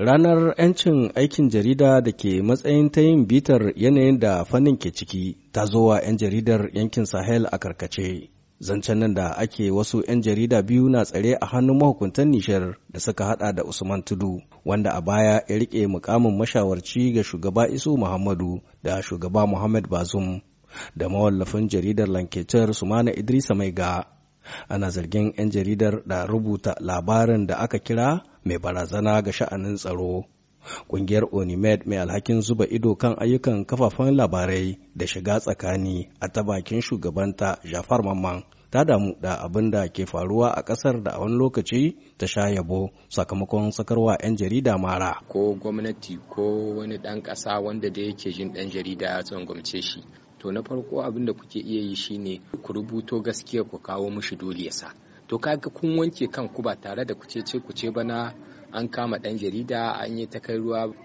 Ranar 'yancin aikin jarida da ke matsayin ta yin bitar yanayin da fannin ke ciki ta zo wa 'yan jaridar yankin Sahel a karkace. Zancen nan da ake wasu 'yan jarida biyu na tsare a hannun mahukuntan Nishar da suka hada da Usman Tudu, wanda a baya ya rike mukamin mashawarci ga shugaba Isu Muhammadu da shugaba Muhammad Bazum da mawallafin jaridar Lanketar Sumana Idrisa Maiga. Ana zargin 'yan jaridar da rubuta labarin da aka kira mai barazana ga sha'anin tsaro. ƙungiyar Onimed mai alhakin zuba ido kan ayyukan kafafen labarai da shiga tsakani a ta bakin shugabanta Jafar Mamman ta damu da abin da ke faruwa a ƙasar da a wani lokaci ta sha yabo sakamakon sakarwa 'yan jarida mara. Ko gwamnati ko wani ɗan ƙasa wanda da yake jin ɗan jarida ya tsangwamce shi. To na farko abin da kuke iya yi shine ku rubuto gaskiya ku kawo mushi dole ya sa. to kaga kun wanke kanku ba tare da kucece kuce ba na an kama ɗan jarida an yi ta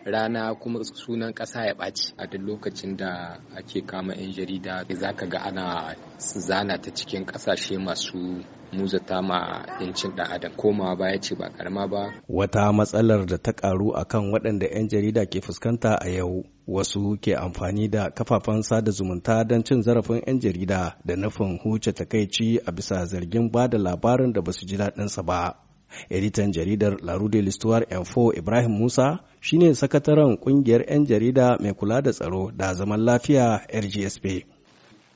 rana kuma sunan ƙasa ya ɓaci a duk lokacin da ake kama 'yan jarida za ka ga ana zana ta cikin ƙasashe masu muzata ma yancin ɗan adam komawa ya ce ba karama ba. Wata matsalar da ta karu kan waɗanda 'yan jarida ke fuskanta a yau wasu ke amfani da kafafen sada zumunta don cin zarafin 'yan jarida da nufin huce takaici a bisa zargin ba da labarin da ba su ji daɗinsa ba. editan jaridar La Rue de l'Histoire Info Ibrahim Musa shine sakataren kungiyar 'yan jarida mai kula da tsaro da zaman lafiya RGSP.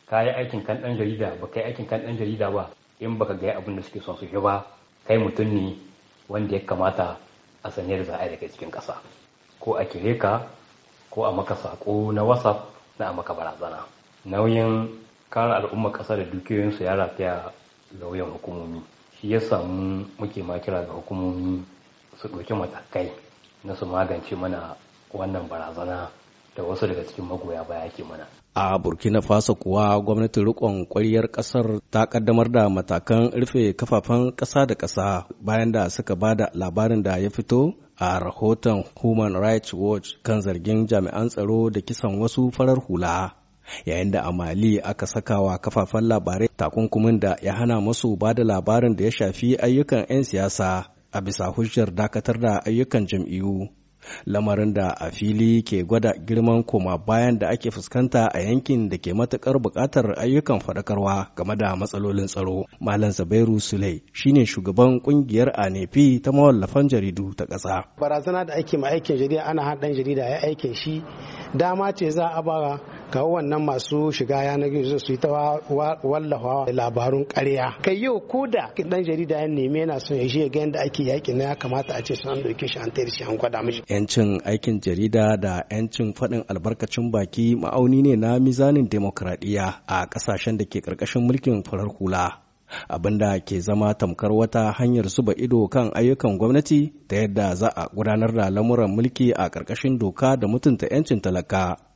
Ka yi aikin kan ɗan jarida ba ka yi aikin kan ɗan jarida ba in baka ga abin da suke son su ba kai mutum ne wanda ya kamata a sanya da za'a daga cikin ƙasa ko a kire ka ko a maka sako na WhatsApp na a maka barazana. Nauyin kare al'ummar ƙasa da dukiyoyinsu ya rataya lauyan hukumomi. shi ya samu muke ga hukumomi su ɗauki matakai na su magance mana wannan barazana da wasu daga cikin magoya baya ke mana. A Burkina Faso kuwa gwamnatin riƙon ƙwaryar ƙasar ta ƙaddamar da matakan rufe kafafen ƙasa da ƙasa bayan da suka ba da labarin da ya fito a rahoton Human Rights Watch kan zargin jami'an tsaro da kisan wasu farar hula. yayin da a mali aka sakawa kafafen labarai takunkumin da ya hana masu ba da labarin da ya shafi ayyukan 'yan siyasa a bisa hujjar dakatar da ayyukan jam'iyyu lamarin da a fili ke gwada girman koma bayan da ake fuskanta a yankin da ke matukar bukatar ayyukan fadakarwa game da matsalolin tsaro malam zabairu sule shine shugaban kungiyar anefi ta mawallafan jaridu ta ƙasa barazana da ake ma aikin jarida ana haɗin jarida ya aikin shi dama ce za a bara kawo wannan masu shiga yanar gizo su yi ta wallafa labarun ƙarya kai yau ko da dan jarida ya neme yana son ya je ga yadda ake yaƙi na ya kamata a ce su an doke shi an tayar shi an gwada mishi yancin aikin jarida da yancin faɗin albarkacin baki ma'auni ne na mizanin demokradiyya a ƙasashen da ke ƙarƙashin mulkin farar hula abinda ke zama tamkar wata hanyar zuba ido kan ayyukan gwamnati ta yadda za a gudanar da lamuran mulki a ƙarƙashin doka da mutunta 'yancin talaka.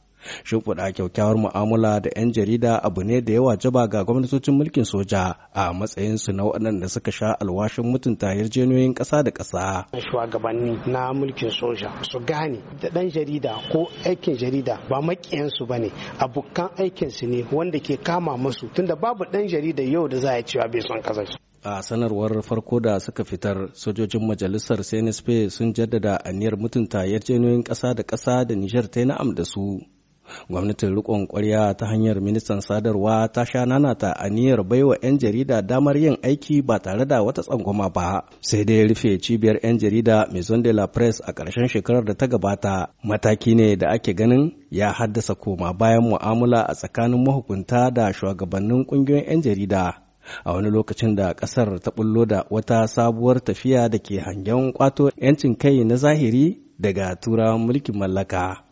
shimfiɗa kyakkyawar mu'amala da 'yan jarida abu ne da yawa jaba ga gwamnatocin mulkin soja a matsayinsu na waɗanda suka sha alwashin mutunta yarjejeniyoyin ƙasa da ƙasa. shugabanni na mulkin soja su gane da ɗan jarida ko aikin jarida ba maƙiyansu ba ne abokan aikinsu ne wanda ke kama musu tunda babu ɗan jarida yau da za a cewa bai son ƙasar a sanarwar farko da suka fitar sojojin majalisar cnsp sun jaddada aniyar mutunta yarjejeniyoyin ƙasa da ƙasa da nijar ta yi na'am da su gwamnatin rikon kwarya ta hanyar ministan sadarwa ta sha nanata aniyar baiwa 'yan jarida damar yin aiki ba tare da wata tsangwama ba sai dai rufe cibiyar 'yan jarida maison de la presse a ƙarshen shekarar da ta gabata mataki ne da ake ganin ya haddasa koma bayan mu'amala a tsakanin mahukunta da shugabannin ƙungiyoyin 'yan jarida a wani lokacin da ƙasar ta bullo da wata sabuwar tafiya da ke hangen kwato 'yancin kai na zahiri daga turawan mulkin mallaka.